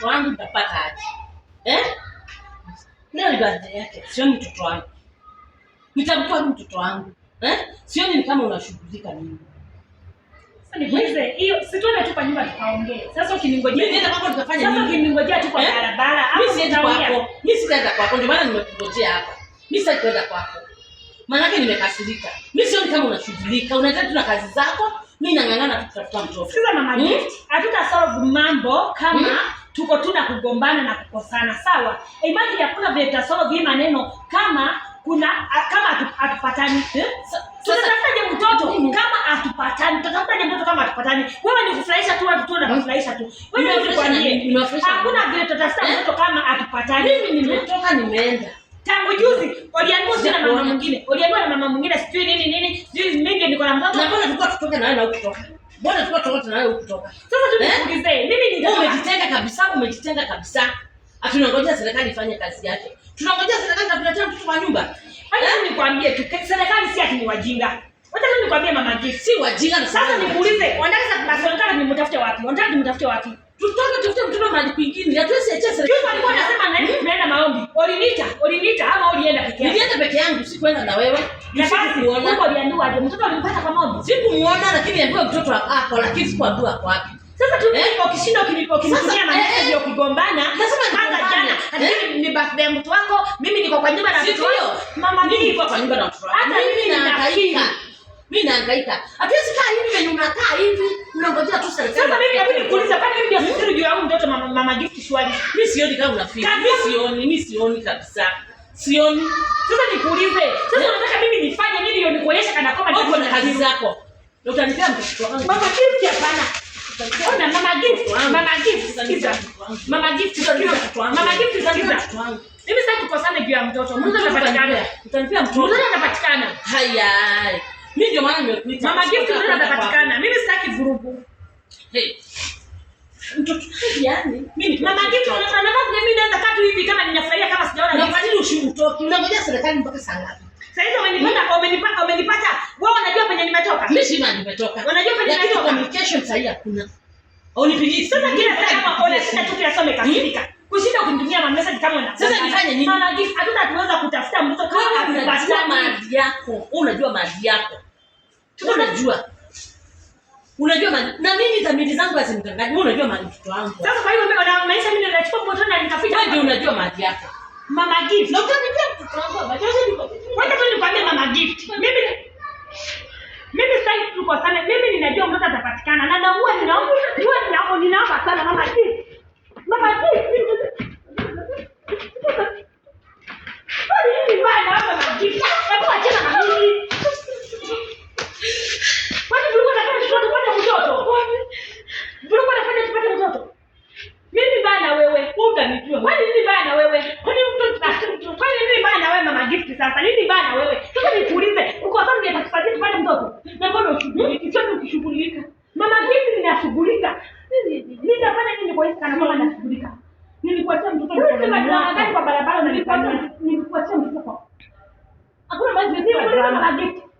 mtoto wangu nitapata aje eh? Leo ni birthday yake, ni mtoto wangu, ni mtoto wangu eh? Sio ni kama unashughulika nini. Eh? Mimi kwako, ndio maana nimekungojea hapa. Mimi kwako, maanake nimekasirika. Mimi sioni kama unashughulika, tu na kazi zako. Mimi nang'ang'ana kutafuta mtoto. mama, hmm? hatuta solve mambo kama hmm? tuko tu na kugombana na kukosana, sawa. Imagine hakuna vile tutasoma vile maneno kama kuna kama hatupatani eh? Tutatafuta mtoto mm. kama hatupatani, tutatafuta mtoto kama hatupatani. Wewe ni kufurahisha tu watu tu na mm. kufurahisha tu wewe, ni kwambie hakuna vile tutatafuta mtoto kama hatupatani. Mimi nimetoka nimeenda tangu juzi, waliambiwa sio mama mwingine, waliambiwa na mama mwingine sijui nini nini, sijui mimi niko na mtoto, Na mbona tulikuwa tutoke na wewe na huko? Mbona tuko tofauti na wewe huko kutoka. Sasa tukuulize, eh? mimi ni umejitenga kabisa, umejitenga kabisa. Hatunangojea serikali ifanye kazi yake. Tunangojea serikali itatuletea mtoto wa nyumba. Hata eh? Nikwambie tu serikali si ati ni wajinga. Hata nikwambie mama Gift si wajinga. Sasa nikuulize, wanataka wanaweza kubasonkana nimtafute wapi? Wanataka nimtafute wapi? tutoke tufute mtoto mahali kwingine. Hatuwezi acha sasa. Yule alikuwa anasema na mimi hmm? tunaenda maombi. Uliniita, uliniita ama ulienda peke yako? Nilienda peke yangu, sikuenda na wewe. Na basi Mungu aliambiwa aje? Mtoto alimpata kwa maombi. Sikumuona lakini aliambiwa mtoto wako, lakini sikuambiwa kwa wapi. Sasa tu eh, ukishinda ukinipo ukinitumia maneno ndio eh, eh. kugombana. Nasema kwanza jana, eh? lakini ni birthday ya mtu wako, mimi niko kwa nyumba na mtoto. Mama mimi niko kwa nyumba na mtoto. Hata mimi na hakika mimi nahangaika. Hatuwezi kaa hivi na unakaa hivi. Unangojea tu serikali. Sasa mimi inabidi kuuliza pale mimi ndio sisi juu ya huyu mtoto mama, mama Gift Shwari. Mimi sioni kama unafika. Mimi sioni, mimi sioni kabisa. Sioni. Sasa nikuulize. Sasa unataka mimi nifanye nini ndio nikuonyeshe kana kwamba ndio na kazi zako. Ndio utaniambia mtoto wangu. Mama Gift hapana. Ona mama Gift, mama Gift sikiza. Mama Gift sikiza. Mama Gift sikiza. Mimi sasa tukosane juu ya mtoto. Mtoto anapatikana. Utaniambia mtoto. Mtoto anapatikana. Haya. Mimi ndio maana nimekuita. Mama Gift ndio anapatikana. Mimi sitaki vurugu. Hey. Mtoto yani, mimi Mama Gift anataka na mimi naenda tatu hivi kama ninafurahia kama sijaona. Nafanyeni ushuru toki. Unangoja serikali mpaka saa ngapi? Sasa hizo umenipata, umenipata, hmm? umenipata. Wewe unajua penye nimetoka? Mimi sima nimetoka. Unajua penye nimetoka? Communication sahihi hakuna. Au nipigie. Sasa kila saa kama kona sita tu kiasome kasirika. Hmm? kushinda kunitumia ma message kama na Sasa nifanye nini? Maana gift hatuna tuweza kutafuta mtoto kama unajua mali yako. Wewe unajua mali yako. Tunajua. Unajua mali na mimi dhamiri zangu hazimkanganyi. Wewe unajua mali mtoto wangu. Sasa kwa hiyo mimi na maisha mimi ninachukua mtoto na nikaficha. Wewe unajua mali yako. Mama gift. Na utanipia mtoto wangu. Wewe tu nikwambie mama gift. Mimi mimi sasa tuko sana. Mimi ninajua mtoto atapatikana na naua ninaomba ninaomba sana mama gift. What did you mimi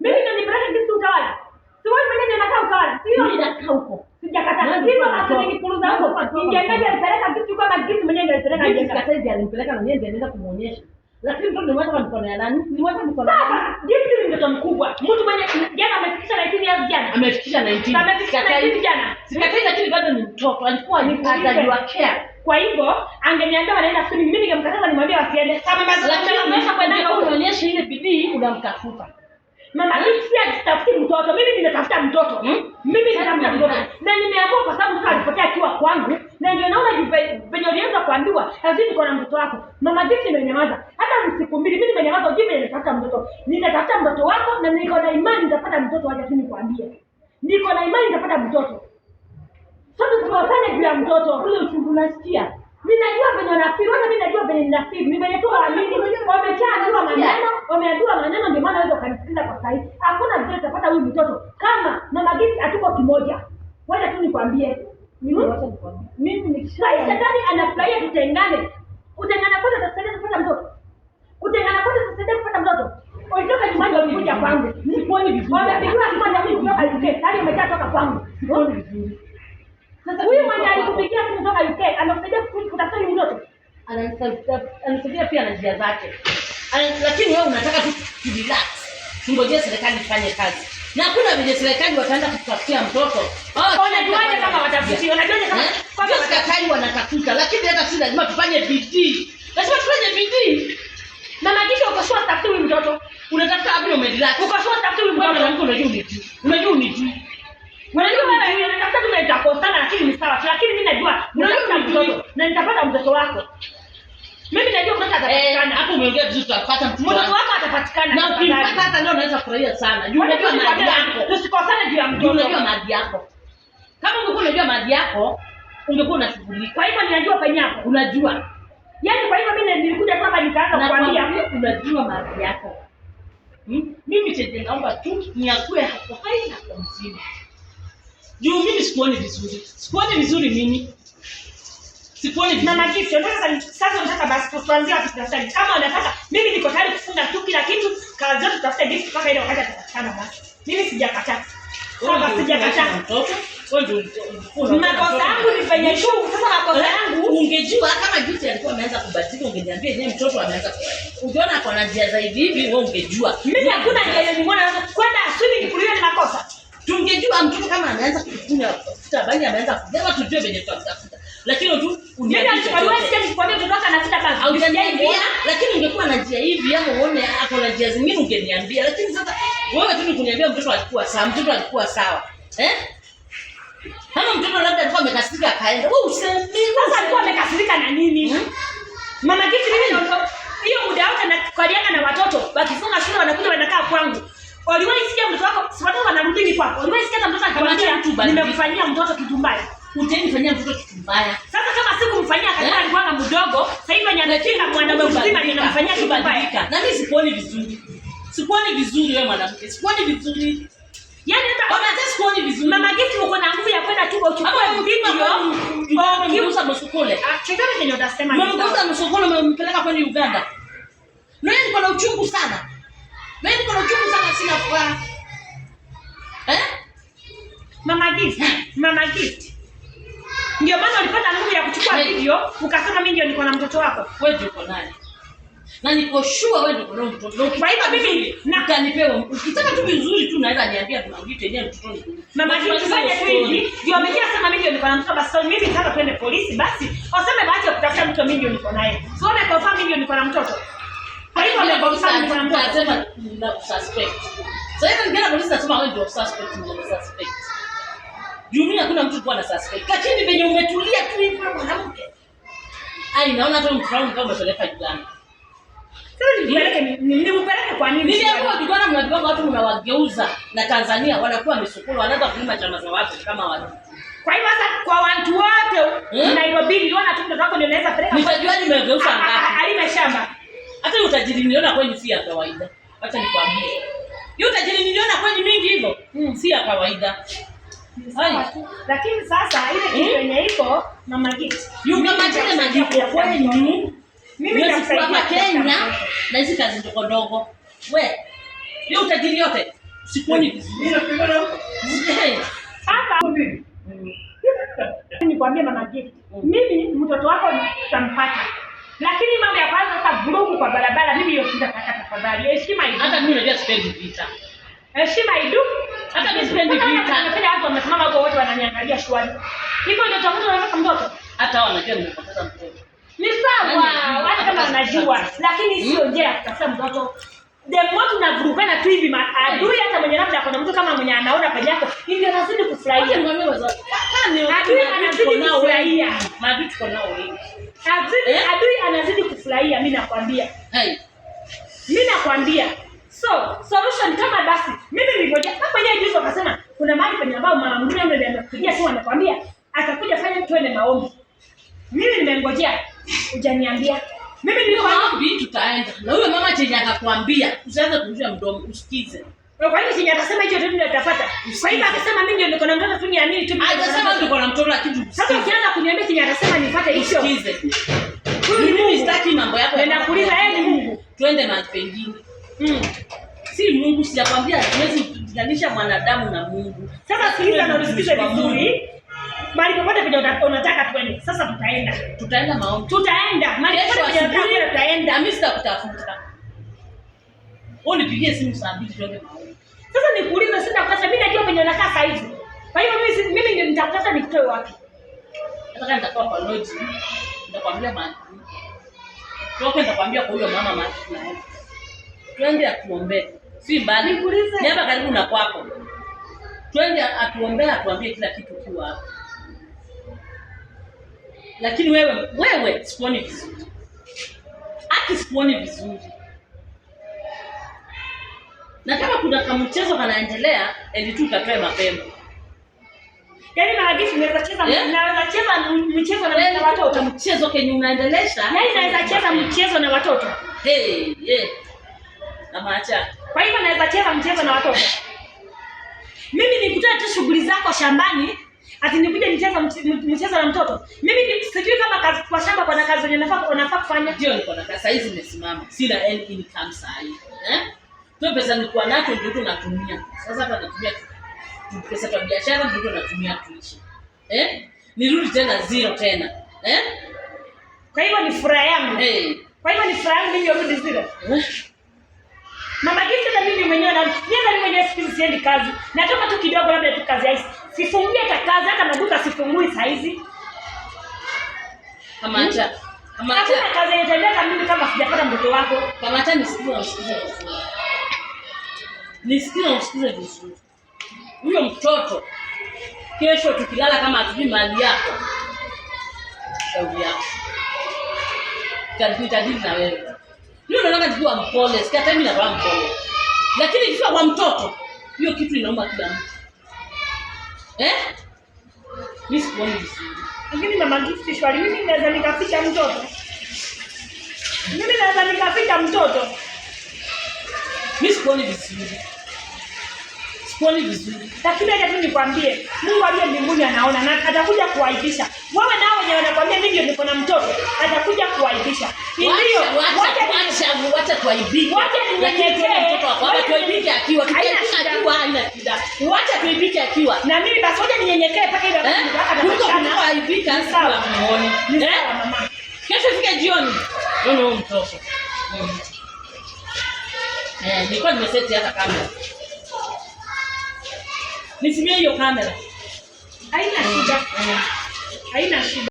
ndio nimeona kitu utawala. Siwezi mwenyewe nakaa utawala. Sio ninakaa huko. Sijakataa. Sio basi ningekuuza huko. Ningeendaje nipeleka kitu kama kitu mwenyewe ndio nipeleka. Mimi sikatazi alimpeleka na mwenyewe anaweza kumuonyesha. Lakini mtu nimeweza kwa mikono ya nani? Nimeweza mikono. Sasa, jinsi ni mtoto mkubwa. Mtu mwenye jana amefikisha 19 years jana. Amefikisha 19. Amefikisha 19 jana. Sikatai lakini bado ni mtoto. Alikuwa ni atajua care. Kwa hivyo angeniambia wanaenda shule, mimi ningemkataza nimwambie wasiende. Kama mama kwenda huko, unaonyesha ile bidii unamtafuta. Mama mimi si atitafuti mtoto, mimi nimetafuta mtoto. Hmm? Mimi nitafuta mtoto. Na nimeamua kwa sababu sasa alipotea akiwa kwangu, na ndio naona venye ulianza kuambiwa, lazima niko na mtoto wako. Mama jinsi nimenyamaza Hata siku mbili mimi nimenyamaza, jinsi nitatafuta mtoto. Nitatafuta mtoto wako na niko na imani nitapata mtoto, wacha tu nikwambie. Niko na imani nitapata mtoto sote tumewafanya ya mtoto ule uchungu nasikia ninajua venye nafikiri hata mimi najua venye ninafikiri Nimeletoa amini wameshaambiwa maneno wameambiwa maneno ndio maana waweza ukanisikiza kwa sahihi hakuna vile tutapata huyu mtoto kama mama gisi atuko kimoja wacha tu nikwambie mimi nikishaya shetani anafurahia tutengane kutengana kwanza tutasaidia kupata mtoto kutengana kwanza tutasaidia kupata mtoto ulitoka nyumbani wamekuja kwangu sikuoni vizuri wamepigwa kwanza mimi kutoka UK tayari kwangu sioni vizuri Huyu mwenye alikupigia simu kutoka UK anakusaidia kutafuta nini ndoto? Ananisaidia pia na njia zake. Lakini wewe unataka tu kujilax. Tungojee serikali ifanye kazi. Na hakuna vile serikali wataenda kutafutia mtoto. Oh, unajuaje kama watafutia? Unajuaje kama eh? kwa serikali wanatafuta, lakini hata sisi lazima tufanye bidii. Lazima tufanye bidii. Na hakika ukashua tafuta huyu mtoto. Unatafuta hapo umejilax? Ukashua tafuta huyu mtoto na mko unajua unijui. Unajua unijui. Unajua wewe unatafuta tunaita kwa sana akili ni sawa, lakini mimi najua unaweza mtoto na nitapata mtoto wako. Mimi najua mtoto eh, atapatikana. Hapo umeongea vizuri, tutapata mtoto. Mtoto wako atapatikana. Na ukimpata hata leo unaweza kufurahia sana. Juu ya maadili yako. Tusikosane juu ya mtoto. Unajua maadili yako. Kama ungekuwa unajua maadili yako, ungekuwa unashughuli. Kwa hivyo ninajua penye yako. Unajua. Yaani kwa hivyo mimi nilikuja kwamba nikaanza kukwambia unajua maadili yako. Hmm? Mimi chenye naomba tu ni hapo haina na kwa mzima. Juu mimi sikuoni vizuri. Sikuoni vizuri mimi. Sikuoni vizuri. Mama Gift, unataka sasa unataka basi tuanze wapi daftari? Kama unataka mimi niko tayari kufunga tu kila kitu, kazi zote tutafuta Gift mpaka ile wakati atapatikana basi. Mimi sijakataa. Sasa sijakataa. Mtoto. Makosa yangu nifanye tu. Sasa makosa eh? yangu ungejua kama Gift alikuwa ameanza kubadilika, ungeniambia yeye mtoto ameanza kubadilika. Ungeona kwa njia za hivi hivi wewe ungejua. Mimi hakuna njia nyingine kuiba mtu kama ameanza kukunya kutafuta bali ameanza kubeba, tujue venye tutafuta. Lakini tu uniambie, yaani lakini ungekuwa na njia hivi ama uone ako na njia zingine ungeniambia, lakini sasa wewe tu nikuniambia mtoto alikuwa sawa, mtoto alikuwa sawa eh kama mtoto labda alikuwa amekasirika akaenda, wewe usemi sasa alikuwa amekasirika na nini? Hmm? Mama kitu mimi ndio hiyo muda wote nakaliana na watoto, wakifunga shule wanakuja wanakaa kwangu. Uliwahi sikia mtoto wako, si watoto wanarudi kwako. Uliwahi sikia mtoto akamwambia mtu bali nimekufanyia mtoto kitu mbaya. Utanifanyia mtoto kitu mbaya. Sasa kama sikumfanyia akataka eh? alikuwa na mdogo, sasa hivi anafika mwanaume mzima ndio anamfanyia kitu mbaya. Na mimi sikuoni vizuri. Sikuoni vizuri wewe mwanamke. Sikuoni vizuri. Yaani hata ona hata sikuoni vizuri. Mama Gift uko na nguvu ya kwenda tu uchukue mpigo. Mbona mkiusa msukule? Ah, chekana ndio utasema. Mbona mkiusa msukule umempeleka kwenda Uganda? Na yeye alikuwa na uchungu sana. Mimi niko na uchungu sana, sina furaha. Eh? Mama Gift, eh. Mama Gift. Ndio maana walipata nguvu ya kuchukua video, ukasema mimi ndio niko na mtoto wako. Wewe ndio uko naye. Na niko sure wewe ndio ndio mtoto. Kwa hivyo mimi nakanipewa. Ukitaka tu vizuri tu naweza niambia kuna mtu yenyewe mtoto ni. Mama Gift fanya tu hivi. Ndio amejia sema mimi ndio niko na mtoto basi mimi nataka twende polisi basi. Waseme baache kutafuta mtu mimi ndio niko naye. Sio na confirm mimi ndio niko na mtoto. Anasema na suspect. Sasa hivi ningena polisi nasema wewe ndio suspect, ndio suspect. Juu mimi hakuna mtu kwa na suspect. Kachini venye umetulia tu hivi mwanamke. Ai, naona tu mfano kama umepeleka Uganda. Sasa ni ni ni mpeleke kwa nini? Mimi hapo kidogo kijana mnajua watu mnawageuza na Tanzania wanakuwa misukuru, wanaanza kulima chama za watu kama watu. Kwa hiyo sasa kwa watu wote hmm? Nairobi, unaona tu mtoto wako ndio anaweza peleka. Nimejua nimegeuza ngapi. Alima shamba. Hata utajiri niliona kweli si ya kawaida. Acha nikwambie. Hiyo utajiri niliona kweli mingi hivyo. Mm, si ya kawaida. Lakini sasa ile kitu hmm? yenye iko mama Giti. Yule mama Giti majibu ya kweli. Mimi Kenya na hizi kazi ndogo ndogo. We, hiyo utajiri yote sikuoni vizuri. Sasa nikwambie mama Giti. Hmm. Mimi mtoto wako tampata. Lakini mambo ya kwanza sasa, vurugu kwa barabara, mimi hiyo shida kaka, tafadhali heshima idumu. Hata mimi unajua sipendi vita, heshima idumu. Hata mimi sipendi vita. Napenda watu wamesimama hapo, wote wananiangalia shwari, niko ndio tamu na mtoto, hata wanajua nimepoteza mtoto. Ni sawa, hata yaani kama wanajua, lakini sio njia ya kutafuta mtoto watu demo tunavurugana tu hivi maadui, hata mwenye labda kuna mtu kama mwenye anaona kwa yako hivi, anazidi kufurahia adui, anazidi kufurahia maadui, kwa nao wengi Azidi, eh? Adui anazidi kufurahia, mimi nakwambia. Hey. Mimi nakwambia. So, solution kama basi mimi nilipoja hapo yeye juzi akasema kuna mahali penye ambao mama mwingine yule anakuja tu anakwambia atakuja fanya twende maombi. Mimi nimengojea ujaniambia Mimi niko maombi tutaenda. Na yule mama chenye akakwambia usianze kumjua mdomo usikize. Kwa hiyo si atasema hicho ndio tutafuata. Kwa hivyo akasema mimi ndio niko na mtoto tu niamini tu. Akasema niko na mtoto lakini sasa ukianza kuniambia si atasema nifuate hicho. Huyu mimi sitaki mambo yako. Nenda kuuliza yeye ni Mungu. Twende na pengine. Mm. Si Mungu sijakwambia tuwezi kutenganisha mwanadamu na Mungu. Sasa sikiliza na usikize vizuri. Mali popote penye unataka twende. Sasa tutaenda. Tutaenda maombi. Tutaenda. Mali popote penye unataka tutaenda. Mimi sitakutafuta. Wewe nipigie simu saa 2 tuende maombi. Sasa nikuulize sasa kwanza mimi najua kwenye unakaa sasa hizi. Kwa hiyo mimi mimi ndio nitakutafuta nikutoe wapi? Nataka nitatoa kwa lodge. Nitakwambia mama. Toka nitakwambia kwa huyo mama mama na Twende atuombe. Si mbali. Nikuulize. Hapa karibu na kwako. Twende atuombe atuambie kila kitu kwa hapo. Lakini wewe wewe sikuoni vizuri. Aki sikuoni vizuri na kama kuna kamchezo kanaendelea, tu katoe mapema. Yaani maagizo unaweza cheza yeah. Unaweza cheza mchezo na yeah, yaani watoto mchezo kenye unaendelesha. Yaani naweza cheza mchezo na watoto. Hey, yeah. Na maacha. Kwa hivyo naweza cheza mchezo na watoto. Mimi nikutana tu shughuli zako shambani, ati nikuja nicheza mchezo na mtoto. Mimi sijui kama kazi kwa shamba kwa na kazi zenye nafaa kufanya. Ndio niko na kazi, hizi nimesimama. Sina income sasa. Eh? Hiyo pesa kwa nacho ndio natumia. Sasa hapa natumia tu pesa kwa biashara ndio natumia tuishi. Eh? Nirudi tena zero tena. Eh? Kwa hivyo ni furaha yangu. Eh. Kwa hivyo ni furaha yangu mimi yarudi zero. Eh? Mama Gift na mimi mwenyewe na mimi mwenyewe siku siendi kazi. Natoka tu kidogo labda tu kazi haisi. Sifungie hata kazi hata maduka sifungui saa hizi. Kamata. Hmm? Kamata. Hakuna kazi yenyewe mimi kama sijapata mtoto wako. Kamata nisikie usikie nisikize na usikize vizuri. Huyo mtoto kesho tukilala, kama hatujui mali yako, shauri yako itadili na wewe. Mimi naona nikiwa mpole, sikia hata mimi nakuwa mpole, lakini ikiwa kwa mtoto hiyo kitu inaomba kila mtu eh? Mimi sikuoni vizuri, lakini mama Gift, swali mimi naweza nikaficha mtoto, mimi naweza nikaficha mtoto sioni vizuri, sikuoni vizuri, lakini hata tu nikwambie, Mungu aliye mbinguni anaona na atakuja kuwaibisha wewe nao wenye wanakwambia mimi ndio niko na mtoto, atakuja kuwaibisha. Ndio wacha wacha wacha tuaibike, wacha tunyenyekee mtoto wako, wacha tuaibike akiwa akiwa haina shida, wacha tuaibike akiwa na mimi basi, wacha ninyenyekee mpaka ile eh? wakati atakuja kuaibika. Sawa, muone ni sawa mama, eh? kesho fika jioni, ndio mtoto mm. Eh, nilikuwa nimeseti hata kamera. Nisimie hiyo kamera. Haina shida. Eh. Haina shida.